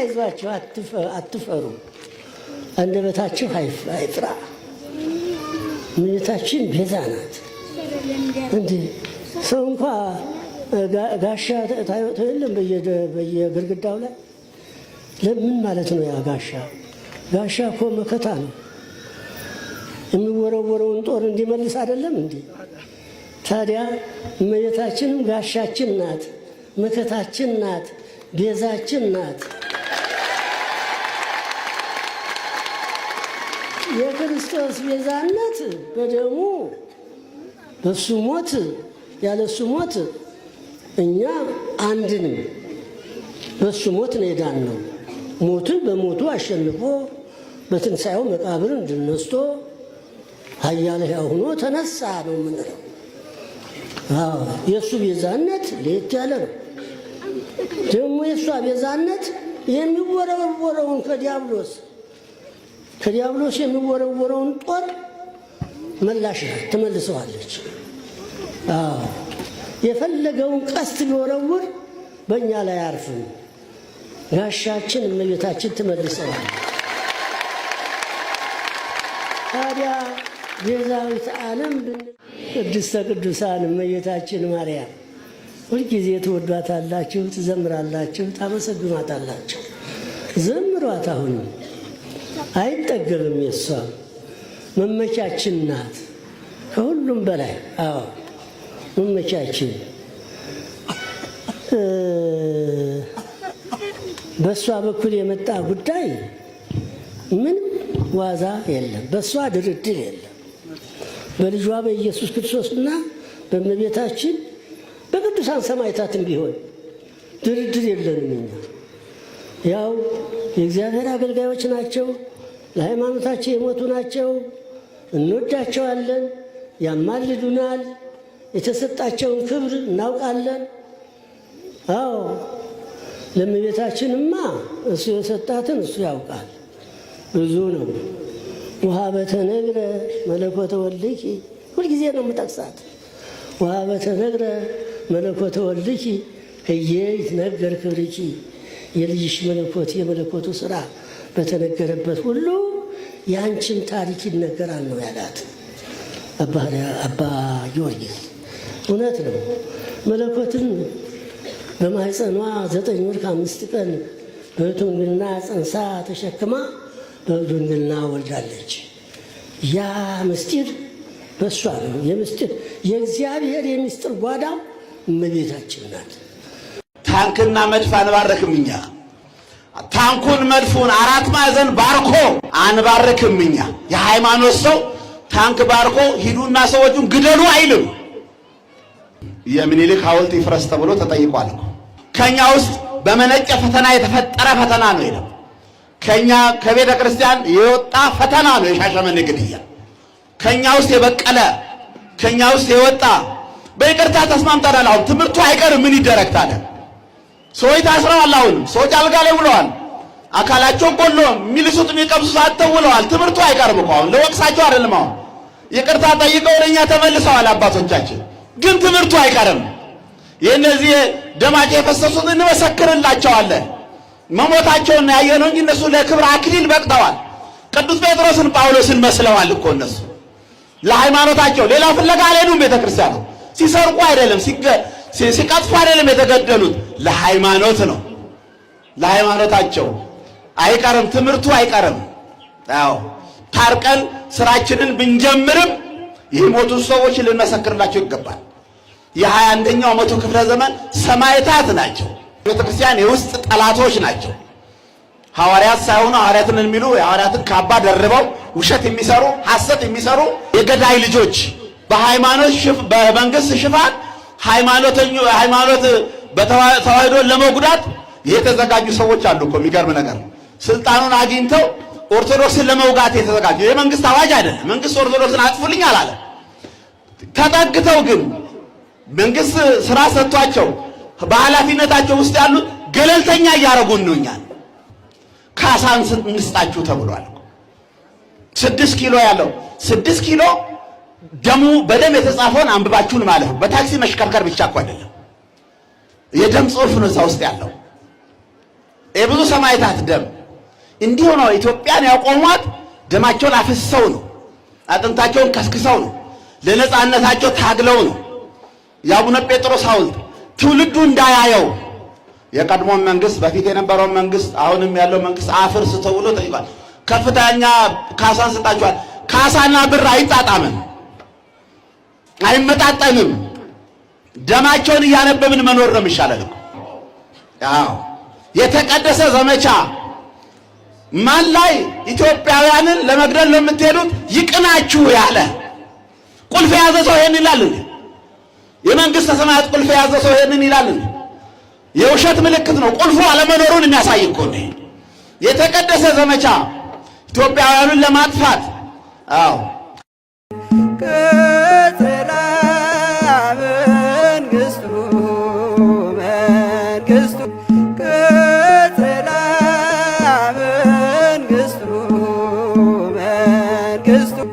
አይዟችሁ፣ አትፈሩ፣ አንደበታችሁ አይፍራ። ምኞታችን ቤዛ ናት። እንዲህ ሰው እንኳ ጋሻ ታይቶ የለም በየግርግዳው ላይ ለምን ማለት ነው? ያ ጋሻ ጋሻ እኮ መከታ ነው። የሚወረወረውን ጦር እንዲመልስ አይደለም እንዲ። ታዲያ እመቤታችንም ጋሻችን ናት፣ መከታችን ናት፣ ቤዛችን ናት። የክርስቶስ ቤዛነት በደሙ በሱ ሞት ያለሱ ሞት እኛ አንድንም በሱ ሞት ነው የዳን ነው። ሞትን በሞቱ አሸንፎ በትንሣኤው መቃብርን ድል ነስቶ ኃያል ሕያው ሆኖ ተነሳ ነው የምንለው። የእሱ ቤዛነት ለየት ያለ ነው። ደግሞ የእሷ ቤዛነት የሚወረወረውን ከዲያብሎስ ከዲያብሎስ የሚወረወረውን ጦር መላሽ ትመልሰዋለች። የፈለገውን ቀስት ቢወረውር በእኛ ላይ አርፍም ጋሻችን እመቤታችን ትመልሰዋል። ታዲያ ቤዛዊት ዓለም ቅድስተ ቅዱሳን እመቤታችን ማርያም ሁልጊዜ ትወዷታላችሁ፣ ትዘምራላችሁ፣ ታመሰግማታላችሁ። ዘምሯት አሁንም አይጠገብም። የሷ መመቻችን ናት ከሁሉም በላይ አዎ መመቻችን በእሷ በኩል የመጣ ጉዳይ ምንም ዋዛ የለም። በእሷ ድርድር የለም። በልጇ በኢየሱስ ክርስቶስና በእመቤታችን በቅዱሳን ሰማዕታትም ቢሆን ድርድር የለንም። እኛ ያው የእግዚአብሔር አገልጋዮች ናቸው። ለሃይማኖታቸው የሞቱ ናቸው። እንወዳቸዋለን፣ ያማልዱናል፣ የተሰጣቸውን ክብር እናውቃለን። አዎ ለእመቤታችንማ እሱ የሰጣትን እሱ ያውቃል። ብዙ ነው። ውሃ በተነግረ መለኮተ ወልኪ ሁልጊዜ ነው የምጠቅሳት። ውሃ በተነግረ መለኮተ ወልኪ እየ ይትነገር ክብርኪ የልጅሽ መለኮት የመለኮቱ ስራ በተነገረበት ሁሉ የአንችን ታሪክ ይነገራል ነው ያላት አባ ጊዮርጊስ። እውነት ነው። መለኮትን በማህፀኗ ዘጠኝ ወር ከአምስት ቀን በድንግልና ፀንሳ ተሸክማ በድንግልና ወልዳለች። ያ ምስጢር በእሷ ነው። የምስጢር የእግዚአብሔር የምስጢር ጓዳ እመቤታችን ናት። ታንክና መድፍ አንባረክም እኛ ታንኩን መድፉን አራት ማዕዘን ባርኮ አንባርክም። እኛ የሃይማኖት ሰው ታንክ ባርኮ ሂዱና ሰዎቹን ግደሉ አይልም። የምኒልክ ሐውልት ይፍረስ ተብሎ ተጠይቋል። ከኛ ውስጥ በመነጨ ፈተና የተፈጠረ ፈተና ነው ይላል። ከኛ ከቤተ ክርስቲያን የወጣ ፈተና ነው የሻሸመኔ ግድያ። ከኛ ውስጥ የበቀለ ከኛ ውስጥ የወጣ በይቅርታ ተስማምተናል። አሁን ትምህርቱ አይቀርም ምን ይደረግ ታዲያ? ሰዎች ታስረዋል። አሁንም ሰዎች አልጋ ላይ ውለዋል። አካላቸውን ቆሎ የሚልሱትን የሚቀምሱት አተው ብለዋል። ትምህርቱ አይቀርብ እኮ አሁን ለወቅሳቸው አይደለም። አሁን ይቅርታ ጠይቀው ወደ እኛ ተመልሰዋል አባቶቻችን። ግን ትምህርቱ አይቀርም። የእነዚህ ደማቸው የፈሰሱት እንመሰክርላቸዋለን። መሞታቸውን ያየነው እንጂ እነሱ ለክብር አክሊል በቅተዋል። ቅዱስ ጴጥሮስን ጳውሎስን መስለዋል እኮ እነሱ ለሃይማኖታቸው ሌላ ፍለጋ አልሄዱም። ቤተ ክርስቲያን ሲሰርቁ አይደለም ሲቀጥፉ አይደለም የተገደሉት ለሃይማኖት ነው ለሃይማኖታቸው አይቀርም፣ ትምህርቱ አይቀርም። አዎ ታርቀን ስራችንን ብንጀምርም የሞቱ ሰዎች ልንመሰክርላቸው ይገባል። የሀያ አንደኛው መቶ ክፍለ ዘመን ሰማዕታት ናቸው። ቤተክርስቲያን የውስጥ ጠላቶች ናቸው። ሐዋርያት ሳይሆኑ ሐዋርያትን የሚሉ የሐዋርያትን ካባ ደርበው ውሸት የሚሰሩ ሐሰት የሚሰሩ የገዳይ ልጆች በሃይማኖት በመንግስት ሽፋን ሃይማኖተኞ ሃይማኖት በተዋህዶ ለመጉዳት የተዘጋጁ ሰዎች አሉ እኮ የሚገርም ነገር ስልጣኑን አግኝተው ኦርቶዶክስን ለመውጋት የተዘጋጁ የመንግስት አዋጅ አይደለም። መንግስት ኦርቶዶክስን አጥፉልኝ አላለ። ተጠግተው ግን መንግስት ስራ ሰጥቷቸው በኃላፊነታቸው ውስጥ ያሉት ገለልተኛ እያደረጉን ነው። እኛን ካሳን እንስጣችሁ ተብሏል። ስድስት ኪሎ ያለው ስድስት ኪሎ ደሙ በደም የተጻፈውን አንብባችሁን ነው። በታክሲ መሽከርከር ብቻ እኮ አይደለም። የደም ጽሑፍ ነው እዛ ውስጥ ያለው የብዙ ሰማዕታት ደም እንዲሁ ነው ኢትዮጵያን ያቆሟት። ደማቸውን አፍስሰው ነው፣ አጥንታቸውን ከስክሰው ነው፣ ለነፃነታቸው ታግለው ነው። የአቡነ ጴጥሮስ ሐውልት ትውልዱ እንዳያየው የቀድሞን መንግስት፣ በፊት የነበረውን መንግስት፣ አሁንም ያለው መንግስት አፍርስ ተብሎ ጠይቋል። ከፍተኛ ካሳን ሰጣችኋል። ካሳና ብር አይጣጣምም፣ አይመጣጠንም። ደማቸውን እያነበብን መኖር ነው የሚሻለን። አዎ የተቀደሰ ዘመቻ ማን ላይ ኢትዮጵያውያንን ለመግደል ነው የምትሄዱት? ይቅናችሁ ያለ ቁልፍ የያዘ ሰው ይሄን ይላል። የመንግስተ ሰማያት ቁልፍ የያዘ ሰው ይሄንን ይላል። የውሸት ምልክት ነው። ቁልፉ አለመኖሩን የሚያሳይ እኮ የተቀደሰ ዘመቻ ኢትዮጵያውያኑን ለማጥፋት አዎ guess